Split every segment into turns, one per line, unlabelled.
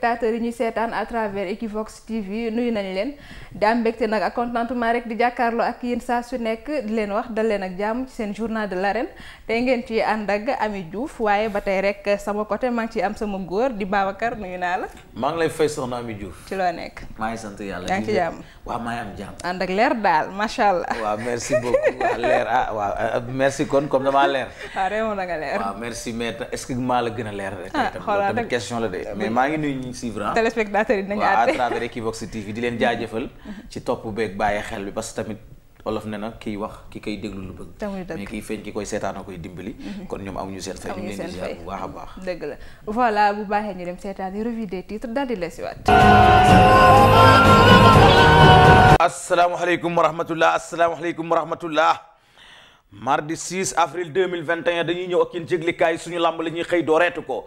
téléspectateurs yi ñuy seetaan à travers Equivox TV nuyu nañ leen di am mbégte nag ak contentement rek di jàkkaarloo ak yéen saa su nekk di leen wax dal leen ak jàmm ci seen journal de l'arène tey ngeen ci ànd ak Ami Diouf waaye ba tey rek sama côté maa ngi ciy am sama góor di Babacar nuyu naa la.
maa ngi lay fay soxna Ami Diouf. ci loo nekk. maa ngi sant yàlla. yaa ngi ci jàmm waaw maa ngi am jàmm.
ànd ak leer daal macha allah.
waaw merci beaucoup waaw leer ah waaw ah, merci kon comme damaa leer.
waaw réew mi leer. waaw
merci mais est maa la gën a leer ah, rek. ah xoolaa question la de mais maa ngi nuyu ñu suivre ah.
téléspectateurs yi nañu àtte à travers
Equivox TV di leen jaajëfal mhm. ci topp beeg bàyyi xel bi parce que tamit olof ne na kiy wax ki kay déglu lu bëgg mais kiy feeñ ki koy seetaan koy dimbali mhm. kon ñoom amuñu seen fay ñu ngi leen di ziar bu a baax
la voilà bu baaxee ñu dem seetaan yi revue des titres daal di les waat
asalaamaaleykum wa rahmatullah asalaamaaleykum wa rahmatullah mardi 6 avril 2021 dañuy ñëw ak yéen yëglikaay suñu làmb la ñuy xëy dooreetu ko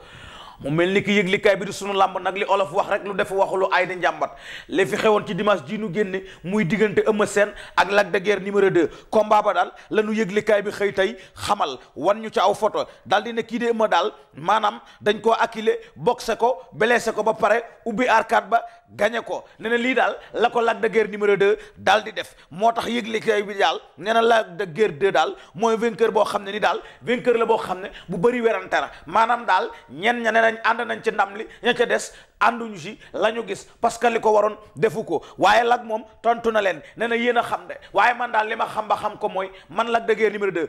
mu mel ni ki yëglikaay bi di sunu làmb nag li olof wax rek lu def waxulu ay di njàmbat li fi xewoon ci dimanche ji nu génne muy diggante Eumeu seen ak Lac de Guiers de 2 combat ba daal la nu yëglikaay bi xëy tey xamal wan ñu ci aw photo daal di ne kii de Eumeu daal maanaam dañ koo acculé boxe ko blessé ko ba pare ubbi arcade ba gañe ko ne lii daal la ko Lac de Guiers numéro 2 daal di def moo tax yëglekaay bi daal nee na Lac de Guiers 2 daal mooy vainqueur boo xam ne ni daal vainqueur la boo xam ne bu bëri werantara maanaam daal ñen ña ne nañ ànd nañ ci ndam li ña ca des ànduñu ci la ñu gis parce que li ko waroon defu ko waaye Lac moom tontu na leen ne na yéen a xam de waaye man daal li ma xam ba xam ko mooy man Lac de Guiers numéro 2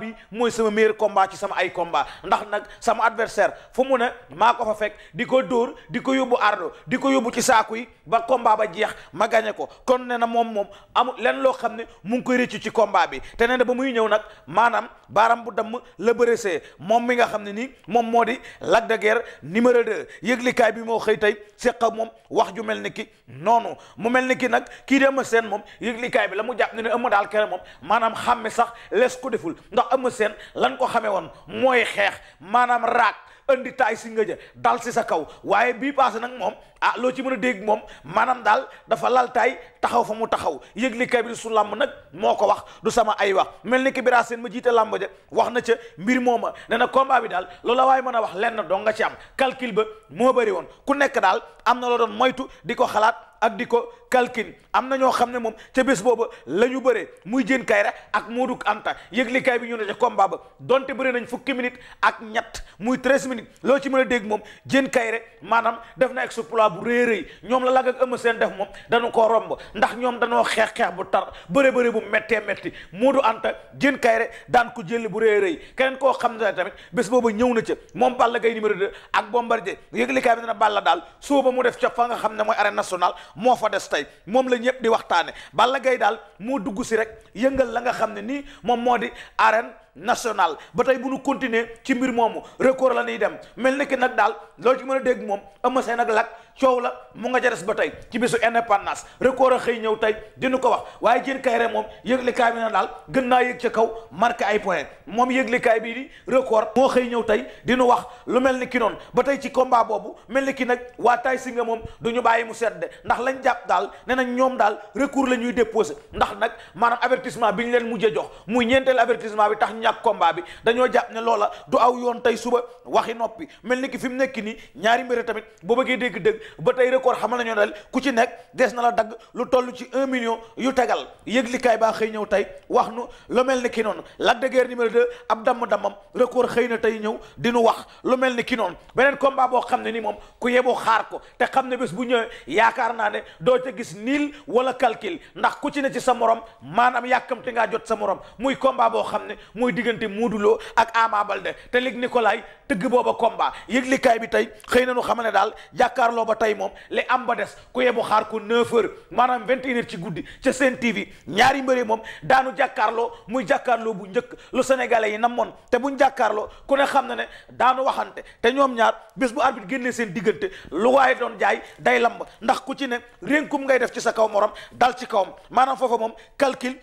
bi mooy sama meilleur combat ci sama ay combat ndax nag sama adversaire fu mu ne maa ko fa fekk di ko dóor di ko yóbbu ardo di ko yóbbu ci saaku yi ba combat ba jeex ma gagné ko kon ne na moom moom amul lenn loo xam ne mu ngi koy rëccu ci combat bi te nee ba muy ñëw nag maanaam baaram bu damm la bëresee moom mi nga xam ne nii moom moo di Lac de Guiers numéro 2 yëglikaay bi moo xëy tey seq ak moom wax ju mel ni ki noonu mu mel ni ki nag kii di Eumeu seen moom yëglikaay bi la mu jàpp ne ne Eumeu daal kere moom maanaam xàmme sax lees ko deful ndax Eumeu seen lan ko xamee woon mooy xeex maanaam raak andi taay si nga ja dal si sa kaw waaye bii paase nag moom ah loo ci mën a dégg moom maanaam daal dafa lal taay taxaw fa mu taxaw yëgle kay bi su làmb nag moo ko wax du sama ay wax mel ni ki biraa seen ma jiite làmb ja wax na ca mbir mooma dana na bi daal loola waaye mën a wax lenn dong nga ci am calcul ba moo bëri woon ku nekk daal am na loo doon moytu di ko xalaat ak di ko kalkin am na ñoo xam ne moom ca bés la ñu bëree muy jën kayra ak Modou Anta yëglikaay bi ñu ne ca ba donte bëri nañ fukki minutes ak ñett muy treize minutes loo ci mën a dégg moom jën kayre maanaam def na exploit bu rëy ñoom la lag ak Eumeu def moom dañu koo romb ndax ñoom dañoo xeex xeex bu tar bëre bëre bu méttee métti Modou Anta Diène Kaïré daan ko jël bu rëy rëy keneen koo xam ne tamit bés boobu ñëw na ca moom Balla gay numéro de ak Bombardier yëglikaay bi dina Balla daal soo ba mu def ca fa nga xam ne mooy arène nationale moo fa des tey moom la ñëpp di waxtaane Balla gay daal moo dugg si rek yëngal la nga xam ne nii moom moo di arène national ba tey bu nu continuer ci mbir moomu record la ñuy dem mel ni ki nag daal loolu ci mën a dégg moom Eumeu Sène ak Lac coow la mu nga jares ba tey ci bisu indépendance record a xëy ñëw tey dinu ko wax waaye jën kayre moom yëglikaay bi na daal gën naa yëg ca kaw marqué ay point moom yëglikaay bii di record moo xëy ñëw tey di nu wax lu mel ni ki noonu ba tey ci combat boobu mel ni ki nag waa tay si nga moom du ñu bàyyi mu sedd ndax lañ jàpp daal ne nañ ñoom daal recours la ñuy déposé ndax nag maanaam avertissement bi ñu leen mujjee jox muy ñeenteelu avertissement bi tax ñàkk combat bi dañoo jàpp ne loola du aw yoon tey suba waxi noppi mel ni ki fi mu nekk nii ñaari mbir tamit boo bëggee dégg-dégg ba tey record xamal nañu dal ku ci nekk des na la dagg lu toll ci un million yu tegal yëglikaay baa xëy ñëw tey wax nu lu mel ni ki noonu Lac de Guiers numéro 2 ab damm-dammam record xëy na tey ñëw di nu wax lu mel ni ki noonu beneen combat boo xam ne ni moom ku yeboo xaar ko te xam ne bés bu ñëwee yaakaar naa ne doo ca gis niil wala calcul ndax ku ci ne ci sa morom maanaam yàkkamti ngaa jot sa morom muy combat boo xam ne muy muy diggante Modou Lo ak Ama Baldé te Luc Nicolaï tëgg booba combat yëglikaay bi tey xëy na nu xam ne daal jàkkaarloo ba tey moom li am ba des ku yebu xaar ko 9h maanaam 21h ci guddi ca seen TV ñaari mbëre moom daanu jàkkaarloo muy jàkkaarloo bu njëkk lu sénégalais yi nam namoon te buñ jàkkaarloo ku ne xam na ne daanu waxante te ñoom ñaar bés bu arbitre génnee seen diggante lu waaye doon jaay day lamb ndax ku ci ne rénkum ngay def ci sa kaw morom dal ci kawam maanaam foofa moom calcul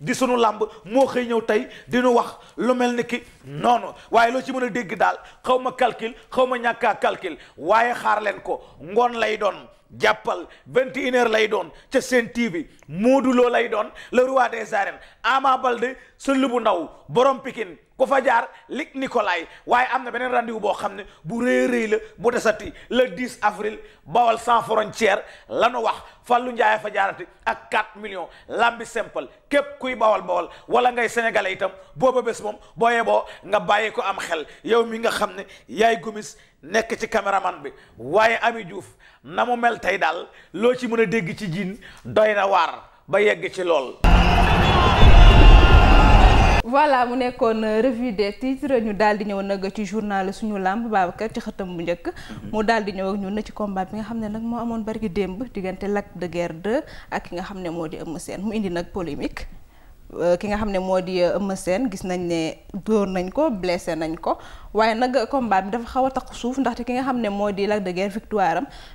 di sunu làmb moo xëy ñëw tey dinu wax lu mel ni ki noonu waaye loo ci mën a dégg daal xaw ma calcul xaw ma ñàkk a waaye xaar leen ko ngoon lay doon jàppal vingt et lay doon ca seen TV moodu Lo lay doon le roi des arènes Ama Baldé sa lubu ndaw borom Pikine ku fa jaar lig Nicolay waaye am na beneen rendez boo xam ne bu rëy rëy la bu desati le 10 avril bawal sans frontière la nu wax Fallou Ndiaye fa jaarati ak 4 million lambi simple képp kuy bawal bawal wala ngay sénégalais itam booba bés moom boo yeboo nga bàyyi ko am xel yow mi nga xam ne yaay gomis nekk ci caméraman bi waaye Ami Diouf na mu mel tey daal loo ci mën a dégg ci jiin doy na waar ba yegg ci lool
voilà mu nekkoon euh, revue des titres ñu daal di ñëw nag ci journal suñu làmb Babacar ci xëtam bu njëkk. Mhm. mu daal di ñëw ak ñun na ci combat bi nga xam ne nag moo amoon barki démb diggante Lac de Guiers ak ki nga xam ne moo di Eumeu seen mu indi nag polémique. Euh, ki nga xam ne moo di euh, Eumeu gis nañ ne dóor nañ ko blessé nañ ko waaye nag combat bi dafa xaw a takku suuf ndaxte ki nga xam ne moo di lag de Guiers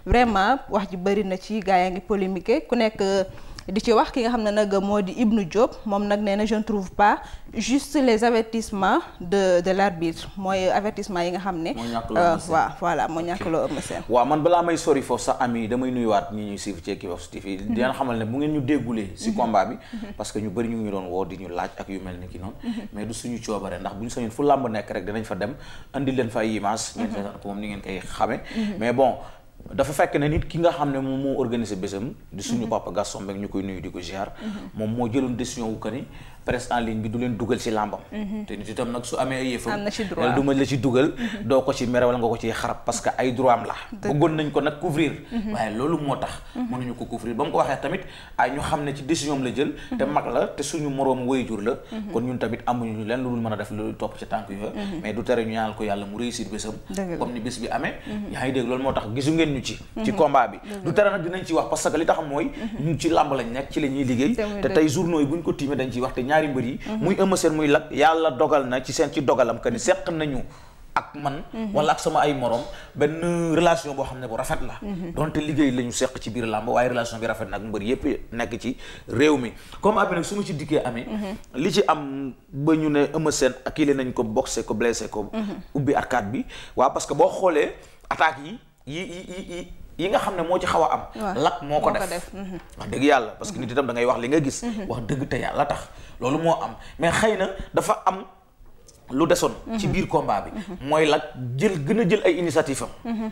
vraiment wax ji bëri na ci gaa yaa ngi polémique ku nekk. di ci wax ki nga xam ne nag moo di Ibnu Diop moom nag nee na je ne trouve pas juste les avertissements de de l'arbitre mooy avertissement yi nga xam ne. waaw euh, voilà moo ñàkk loo ëmb seen.
waaw man balaa may sori foofu sax ami damay nuyuwaat ñi ñuy suivre ci Equivox TV mhm. di leen xamal ne bu ngeen ñu déggulee si mhm. combat bi mhm. parce que ñu bëri ñu doon woo di ñu laaj ak yu mel ni ki noonu. mais du suñu coobare ndax bu ñu sañoon fu làmb nekk rek danañ fa dem andi leen fa ay image. ngeen ni ngeen koy xame mais bon dafa fekk ne nit ki nga xam ne moom moo organisé bésam. di suñu mhm. papa Gaston Mbengue ñu koy nuyu di ko ziar. Mhm. moom moo jëloon décision wu ni presse en ligne bi du leen dugal ci làmbam mhm. te nit itam nag su amee ay yëfam du ma la ci dugal doo ko ci mere nga ko ciy xarab parce que ay droit am la bëggoon nañ ko nag couvrir mhm. waaye loolu moo tax mhm. mënuñu ko leen lu dul a def lu topp ci tànk yooyu mais du tere ñu ñaanal ko yàlla mu réussir bésam comme ni bés bi amee yaa ngi dégg loolu moo tax gisu ngeen ñu ci ci combat bi du tere nag dinañ ci wax parce que li tax mooy ñu ci làmb lañ nekk ñaari mbër yi mhm. muy Eumeu Sène muy Lac yàlla dogal na ci seen ci dogalam que ni seq nañu ak man mhm. wala ak relation la mhm. donte liggéey la ñu seq ci biir làmb waaye relation bi rafet na ak mbër yépp nekk ci réew mi comme après nag su ma ci dikkee amee li ci am ba ñu ne Eumeu Sène acculé nañ ko boxé ko blessé ko ubbi arcade bi waaw parce que boo xoolee attaques yi yi yi yi yi nga xam ne moo ci xaw a am lakk moo ko def
mhm. wax dëgg
yàlla parce que nit itam da ngay wax li nga gis mhm. wax dëgg te yàlla tax loolu moo am mais xëy na dafa am lu desoon mhm. ci biir combat bi mooy lakk jël gën a jël ay initiative am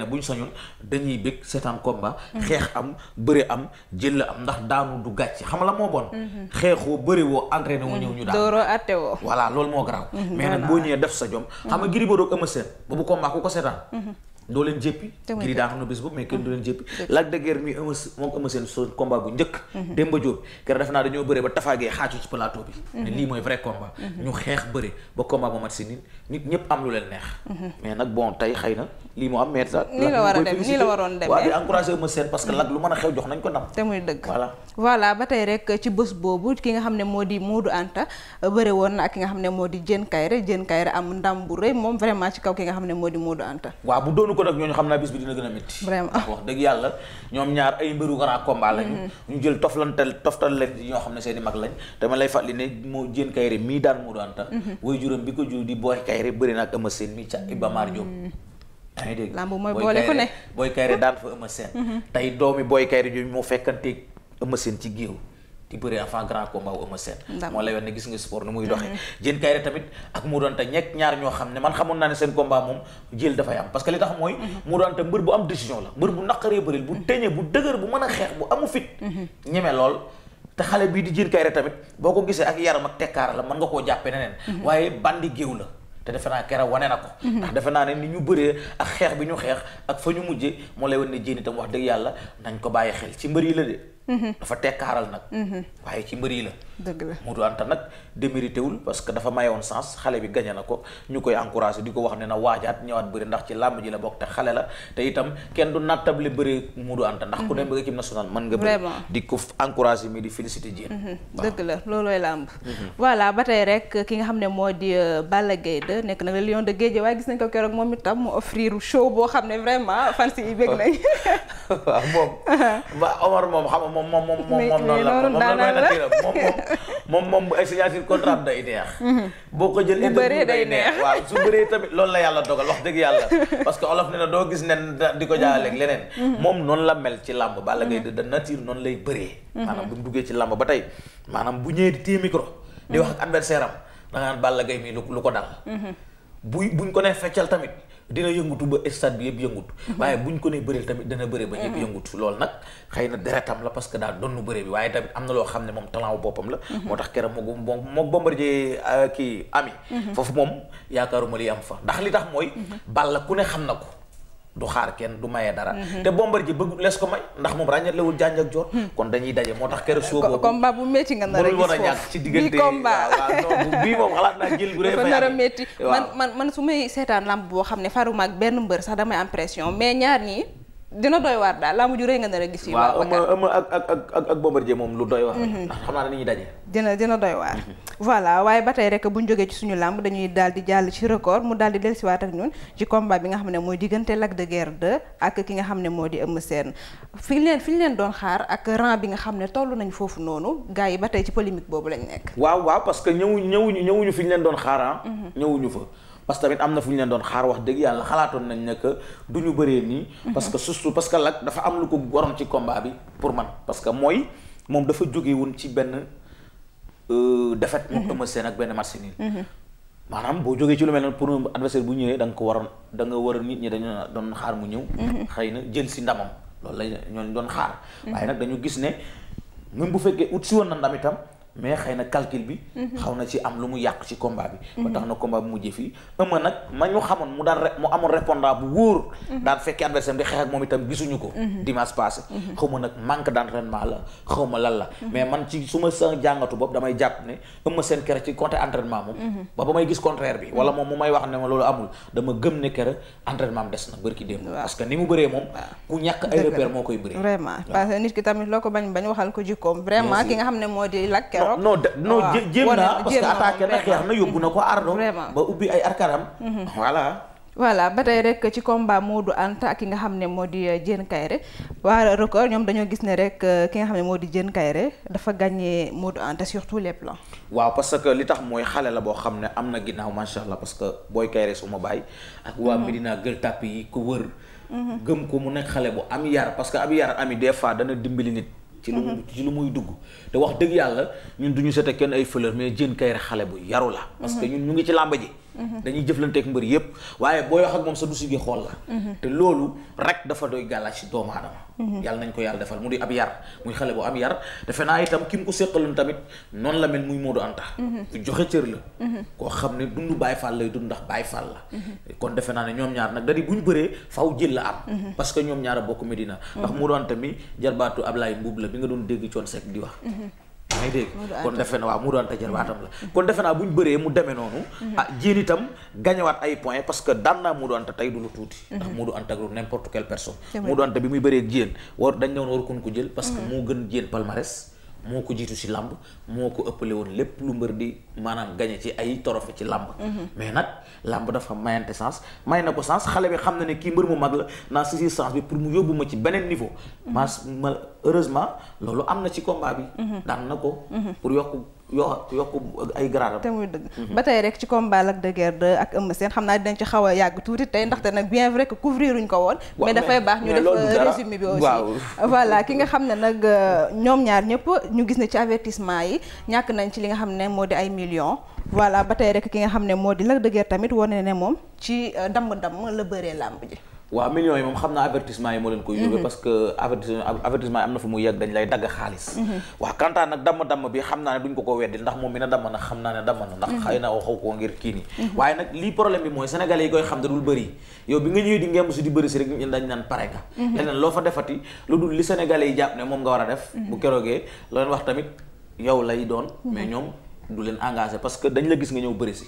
na bu ñu sañoon dañuy bëgg seetaan combat xeex am bëre am jël la am ndax daanu du gàcc xam la moo bon mhm. xeexoo bëre woo entraîné woo ñëw ñu daan dooroo atte woo voilà loolu moo garaaw mhm, mais nag boo ñëwee def sa jom xam nga mhm. Gris Bordeaux ak Eumeu Sène boobu ku ko seetaan doo leen jéppi giri daa xam na bés boobu mais kenn doo ah, leen jéppi Lac de Guiers mi ëma moom ëma seen so combat bu njëkk mhm. Demba Diop kër defe naa dañoo bëree ba tafaagee xaaju ci plateau bi mhm. ne lii mooy vrai combat mhm. ñu xeex bëri ba combat ba mat si nit nii la war a dem nii la waroon dem waaw
eh. a ba tey rek ci bés boobu ki nga xam ne moo di Modou Anta euh, bëri woon na ak nga xam ne moo di Diène Kaïré Diène Kaïré am ndam bu rëy moom vraiment ci kaw ki nga xam ne moo di Modou Anta
waaw bu doonu ko nag ñooñu xam naa bis bi dina gën a métti vraiment wax dëgg yàlla ñoom ñaar ay mbëru grand combat lañu mm-hmm. ñu jël toflantel toftal leen ci ñoo xam ne seen i mag lañ dama lay fàttali ne moo jéen kayre mii daan mu doon ta way juróom bi ko jur di booy kayre bëri nag ëma seen mi ca mm-hmm. Iba Mar Diop yaa dégg lamb mooy boole ku ne booy kayre daan fa ëma seen mm-hmm. tey doomi booy kayre jooju moo fekkante ëma seen ci géew di bëri avant grand combat wu Eumeu Sène moo lay wan gis nga sport nu muy mhm. doxee jën kay re tamit ak mu doonte ñekk ñaar ñoo xam ne man xamoon naa ne seen combat moom jël dafay am parce que li tax mooy mu mhm. doonte mbër bu am décision la mbër bu naqaree bëril bu mhm. teñe bu dëgër bu mën a xeex bu amu fit ñeme lool te xale bii di jën kay re tamit boo ko gisee ak yaram ak tekkaar la mën nga koo jàppe neneen waaye bandi géew la te defe naa keroog wane dafa tekkaaral nag mm-hmm. waaye ci mbër la dëgg la Moodu Anta nag démérité wul parce que dafa mayoon sens xale bi gañe na ko ñu koy encouragé di ko wax ne na waajaat ñëwaat bëri ndax ci làmb ji la bokk te xale la te itam kenn du nattable bëri Moodu Anta ndax ku mhm. dem ba équipe nationale mën nga bëri di ko encouragé mais di félicité ji
mhm. dëgg la loolooy làmb mhm. voilà ba tey rek ki nga xam ne moo di euh, Balla Gaye 2 nekk nag le lion de Guédiawaye waaye gis nañ ko keroog moom itam mu offrir
show boo xam ne vraiment fans yi bëgg nañ waaw moom ba Omar moom xam moom moom moom moom noonu la moom moom moom moom bu ay signature contrat day neex. boo ko jël interview day neex waaw su bëree tamit loolu la yàlla dogal wax dëgg yàlla parce que olof ne na doo gis nen di ko jaaleeg leneen. Mm-hmm. Mm-hmm. moom noonu la mel ci làmb Balla Gaye mm-hmm. de nature noonu lay bëree. maanaam bu mu duggee ci làmb ba tey maanaam bu ñëwee di téye micro. di wax ak adversaire am da nga mii lu ko dal. buy buñ ko nee feccal tamit. dina yëngutu ba stade bi yëpp yëngutu mhm. waaye buñ ko nee bëreel tamit dana bëre ba ñëpp mhm. yëngutu loolu nag xëy na deretam la parce que daa donnu bëre bi waaye tamit am na loo xam ne moom talent wu boppam la mhm. moo tax keroog moo moom mook Bombardier euh, kii ami foofu moom yaakaaruma li am fa ndax li tax mooy Balla ku ne xam na ko du xaar kenn du maye dara. Mm-hmm. te Bombardier bëggu les ko may ndax moom ràññeeklewul jànj ak joor. Mm-hmm. kon dañuy daje moo tax keroog suba boobu. combat bu métti nga nar a gis foofu mënul woon a ñàkk ci diggante bii moom xalaat naa jël bu rëy fa nar a métti man
man man su may seetaan lamb boo xam ne faru ak benn mbër sax damay impression mais ñaar ñii dina doy waar daal laa mujj rëy nga nar a gis. waaw ëmma ëmma
ak ak ak ak moom lu doy waar. Mhm. ndax xam naa ne dañuy daje.
dina dina doy waar. Mhm. voilà waaye ba tey rek bu ñu jógee ci suñu làmb dañuy daal di jàll ci record mu daal di dellusiwaat ak ñun ci combat bi nga xam ne mooy diggante Lac de Guiers 2 ak ki nga xam ne moo di Eumeu Sène fi ñu leen fi ñu leen doon xaar ak rang bi nga xam ne toll nañ foofu noonu gars yi ba tey ci polémique boobu lañ nekk.
waaw waaw parce que ñëwuñu ñëwuñu ñëwuñu fi ñu leen doon xaar ah. mhm. ñëwuñu fa parce que tamit am na fu ñu leen doon xaar wax dëgg yàlla xalaatoon nañ ne que du ñu bëree nii. parce que surtout parce que Lac dafa am lu ko waroon ci combat bi pour man parce que mooy moom dafa jóge woon ci benn euh, défaite. mu Eumeu Sène ak benn match nii. maanaam boo jógee ci lu mel noonu pour adversaire bu ñëwee da nga ko waroon da nga war a nit ñi dañu doon xaar mu ñëw. xëy na jël si ndamam loolu la ñooñu doon xaar. Mm-hmm. waaye nag dañu gis ne même bu fekkee ut si woon na ndam itam mais xëy na calcul bi. Mhm. xaw na ci am lu mu yàq ci combat bi. ba mhm. tax na combat bi mujjee fii ëmma nag ma ñu xamoon mu daan mu amoon répondant bu wóor. Mhm. daan fekkee adversaire bi xeex ak moom itam gisuñu ko. dimanche passé. xaw ma nag manque d'entraînement la xaw ma lan la. mais man ci su ma sa jàngatu bopp damay jàpp ne ëmma seen kere ci côté entraînement moom. ba ba may gis contraire bi mu amul dama gëm ne kere entraînement am des na bërki démb. parce que ni mu bëree moom. ku ñàkk ay repère moo koy bëree.
vraiment parce nit ki tamit loo ko bañ bañ waxal ko jikkoom. vraiment ki nga xam ne moo di lakk keroog non non jéem naa parce que attaqué
na xeex na yóbbu na ko ardo ba ubbi ay arkaram mhm. voilà
voilà ba tey rek ci combat Modou Anta ak ki nga xam ne moo di euh, Diène Kaïré waa record euh, moo di Diène sur tous les
waaw parce li tax mooy xale la boo xam ne am na ginnaaw macha allah parce que booy Kaïré suma baay. ak waa Medina mhm. Gueule Tapée yi ko wër. Mhm. gëm ko mu nekk xale bu am yar parce am yar ami des fois dana dimbali nit. ci lu ci lu muy dugg te wax dëgg yàlla ñun du ñu sete kenn ay fleur mais jën kay xale bu yaru la mm-hmm. parce que ñun ñu ngi ci làmb ji dañuy jëflanteeg mbër yépp waaye booy wax ak moom sa du gi xool la mhm. te loolu rek dafa doy gàllaaj ci doomu aadama mhm. nañ ko yàlla defal mu di ab yar muy xale bu am yar defe naa itam ki mu ko séqaloon tamit noonu la mel muy du Anta mhm. ku joxe cër la koo xam ne dund Baay Faal lay dund ndax Baay Faal la kon defe naa ne ñoom ñaar nag da di bu bëree faw jël la am parce que ñoom ñaar a bokk Medina ndax Modou Anta mi jarbaatu Ablaye Mbuub la bi nga doon dégg coon Seck may dégg kon defe na waaw mu doon tajar waatam la mm-hmm. kon defe naa bu ñu bëree mu deme noonu mm-hmm. ah jéen itam gañewaat ay point parce que daan naa mu doon ta tey du lu tuuti mm-hmm. ndax mu doon tag n'importe quelle personne mu doon ta bi muy bëree ak jéen war dañ ne woon war kun ko jël parce que moo gën jéen palmarès moo ko jiitu si làmb moo ko ëppale woon lépp lu mbër di maanaam gañe ci ay trophée ci làmb mhm. mais nag làmb dafa mayante sens may na ko sens xale bi xam ne kii mbër mu mag la naa saisir sens bi pour mu yóbbu ma ci beneen niveau mhm. mas ma heureusement loolu am na ci combat bi mhm. daan na ko pour yokk yow yokk ay garaadam te muy dëgg ba
tey rek ci combat Lac de Guiers ak Eumeu seen xam naa dinañ ci xaw a yàgg tuuti tey ndaxte nag bien vrai que couvrir uñ ko woon mais dafay baax ñu def euh, résumé bi aussi voilà ki nga xam ne nag euh, ñoom ñaar ñëpp ñu gis ne ci avertissement yi ñàkk nañ ci li nga xam ne moo di ay millions voilà ba tey rek ki nga xam ne moo di Lac de tamit wane ne moom ci euh, damm dam la bëree làmb
ji waaw millions yi moom xam naa avertissement yi moo leen koy yóbbee mhm. parce que avertissement am na fu muy yegg dañ lay dagg xaalis mhm. waaw kantaan nag damm-damm bi xam naa ne duñ ko ko weddil ndax moom mi na xam naa ne damm na ndax mhm. xëy ngir kii nii waaye nag lii problème bi mooy sénégalais yi koy xam da dul bëri yow bi nga ñëwee di ngemb si di bëri si rek ñun dañ naan pare nga loo fa defati lu dul li sénégalais yi jàpp ne moom nga war a def bu keroogee loo wax tamit yow lay doon du leen engagé parce que dañ la gis nga ñëw bëri si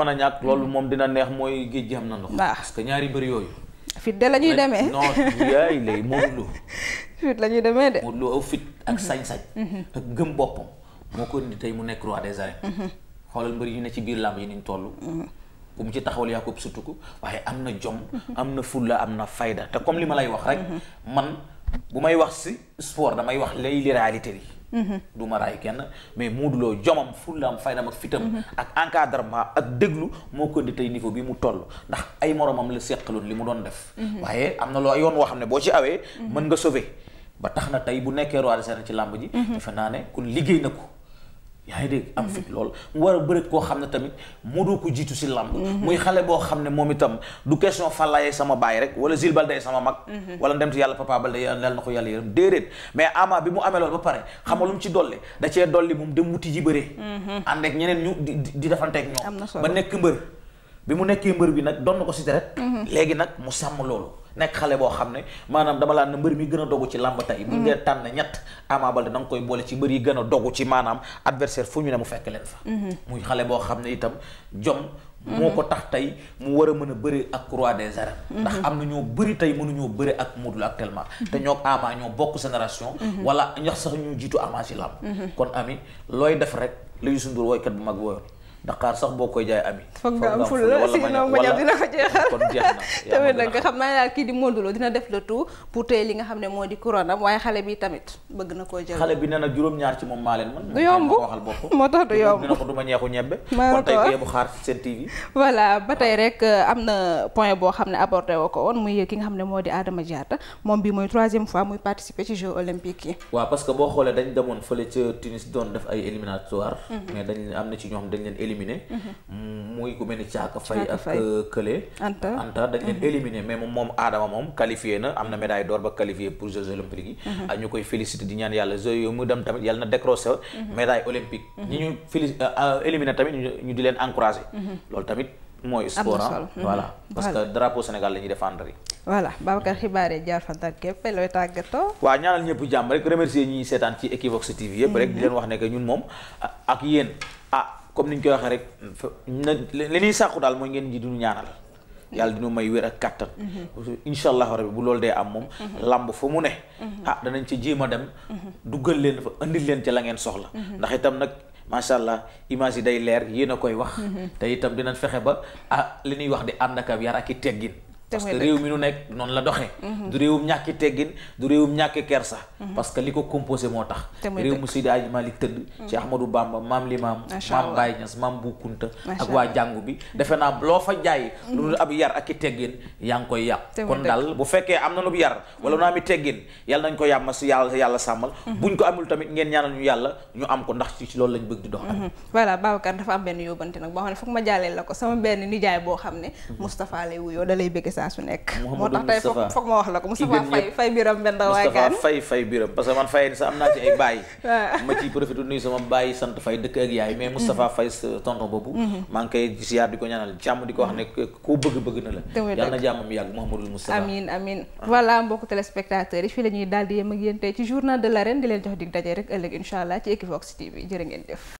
mën a ñàkk loolu moom dina neex mooy géej gi am na ndox. parce que ñaari bëri yooyu.
fit de la ñuy demee non
yaay lay Modou Lo.
fit la ñuy demee de.
Modou Lo aw fit ak mhm. sañ-sañ. Mhm. ak gëm boppam moo ko indi tey mu nekk roi des arènes. Mhm. xoolal mbëri yu ne ci biir làmb yi niñ toll. bu mu ci taxawal Yacoub surtout ko waaye am na jom. am na fulla am na fayda te comme li ma lay wax rek. man bu may wax si sport damay wax lay li réalité yi. du ma raay kenn mais Modou Lo jomam fullaam faydam ak fitam ak encadrement ak déglu moo ko di tey niveau bi mu toll ndax ay moromam la seqaloon li mu doon def mhm. waaye am na loo yoon woo xam ne boo ci awee mhm. mën nga sauver ba tax na tey bu nekkee roi des arènes ci làmb ji mhm. defe naa ne kon liggéey na ko yaa ngi dégg am fit lool war a bëreet koo xam ne tamit moo doo ko jiitu si làmb mhm. muy xale boo xam ne moom itam du question fàllaye sama baay rek wala Zil Baldé sama mag mhm. wala ndemti yàlla papa Baldé yàlla na ko yàlla yërëm déedéet mais ama bi mu amee loolu ba pare xamal lu mu ci dolli da cee dolli moom dem wuti ji bëree mhm. ànd ak ñeneen ñu di defanteeg ñoom ba nekk mbër bi mu nekkee mbër bi nag doon na ko si deret léegi nag mu sàmm loolu nekk xale boo xam ne maanaam dama laan na mbër mi gën a dogu ci làmb tey bu ngeen mm. tànn ñett Ama Baldé da koy boole ci mbër yi gën a dogu ci maanaam adversaire fu ñu ne mu fekk leen fa mm-hmm. muy xale boo xam ne itam jom mm-hmm. moo ko tax tey mu war a mën a bëri ak roi des arènes mm-hmm. ndax am na ñoo bëri tey mënuñoo bëri ak Modou Lo actuellement te ñoo Ama ñoo bokk génération wala ñax sax ñu jiitu Ama ci làmb kon ami looy def rek la Youssou Ndour woykat bu mag wooyoon Dakar sax boo koy jaay ami. foog nga am ful la sinon ma dina ko jeexal kon jeex na tamit nag xam
naa daal kii di Modou dina def le tout pour tey li nga xam ne moo di couronne am waaye xale bi tamit bëgg na koo jël xale bi
nee na juróom-ñaar ci moom maa leen man du ma ñeexu ñebbe kon tey
ba tey euh, na boo xam ne abordé woo ko woon muy ki nga xam ne moo di Adama Diatta moom bi mooy troisième fois muy participer ci Jeux olympiques yi
waaw parce que boo xoolee dañ demoon fële ca Tunis doon def ay éliminatoire mhm. éliminé. Mm-hmm. muy ku mel ni Thiaka Faye ak euh, Kële.
Anta Anta dañ leen mm-hmm.
éliminé mais moom moom Adama moom qualifié na am na médaille d'or ba qualifié pour Jeux olympiques yi. Mm-hmm. ak ñu koy félicité di ñaan yàlla Jeux yooyu mu dem tamit yàlla na décroché médaille olympique. ñu félicité euh, euh, tamit ñu di leen encouragé. loolu tamit mooy sport ah. voilà parce que drapeau Sénégal la ñuy défendre yi. waaw ñaanal ñëpp jàmm rek remercier ñi seetaan ci Equivox TV yëpp rek di leen wax ne ñun comme ni ñu koy waxee rek na li ñuy sàkku daal mooy ngeen ji duñu ñaanal yàlla dina may wér ak kàttan insha allahu rabbi bu loolu dee am moom làmb fa mu ne ah danañ ci jéem a dem duggal leen fa indil leen ci la ngeen soxla ndax itam nag macha allah image yi day leer yéen a koy wax te itam dinañ fexe ba ah li ñuy wax di ànd ak ab yar ak i teggin parce que réew mi nu nekk noonu la doxee mhm. du réewum ñàkki teggin du réewum ñàkki kersa mhm. parce que li ko composé moo tax réew mu Seydi Hadji Malick tëdd mhm. ci Ahmadou Bamba maam kon daal bu fekkee am na lu yar wala nu am ko ndax ci loolu lañ bëgg di dox
voilà Babacar dafa am benn yóbbante nag boo xam ne foog ma jaaleel la ko sama benn nijaay boo xam ne Moustapha lay wuyoo da lay bëgg saa su nekk. moo tax tey foog foog ma wax la ko Moustapha Faye Faye Biram Mbenda waay Moustapha
Faye Faye Biram parce que sama baay sant Faye dëkk ak yaay mais Moustapha mm-hmm. Faye tonton boobu. Mm-hmm. maa ngi koy di ko ñaanal jàmm di ko wax ne mm-hmm. koo bëgg bëgg na la. yàlla na jàmmam yàgg Mouhamadou Moustapha
amiin ah. voilà mbokku téléspectateurs yi fii la ñuy di yem ak tey ci journal de l'arène di leen jox dig daje rek ëllëg incha allah ci Equivox TV jërë ngeen def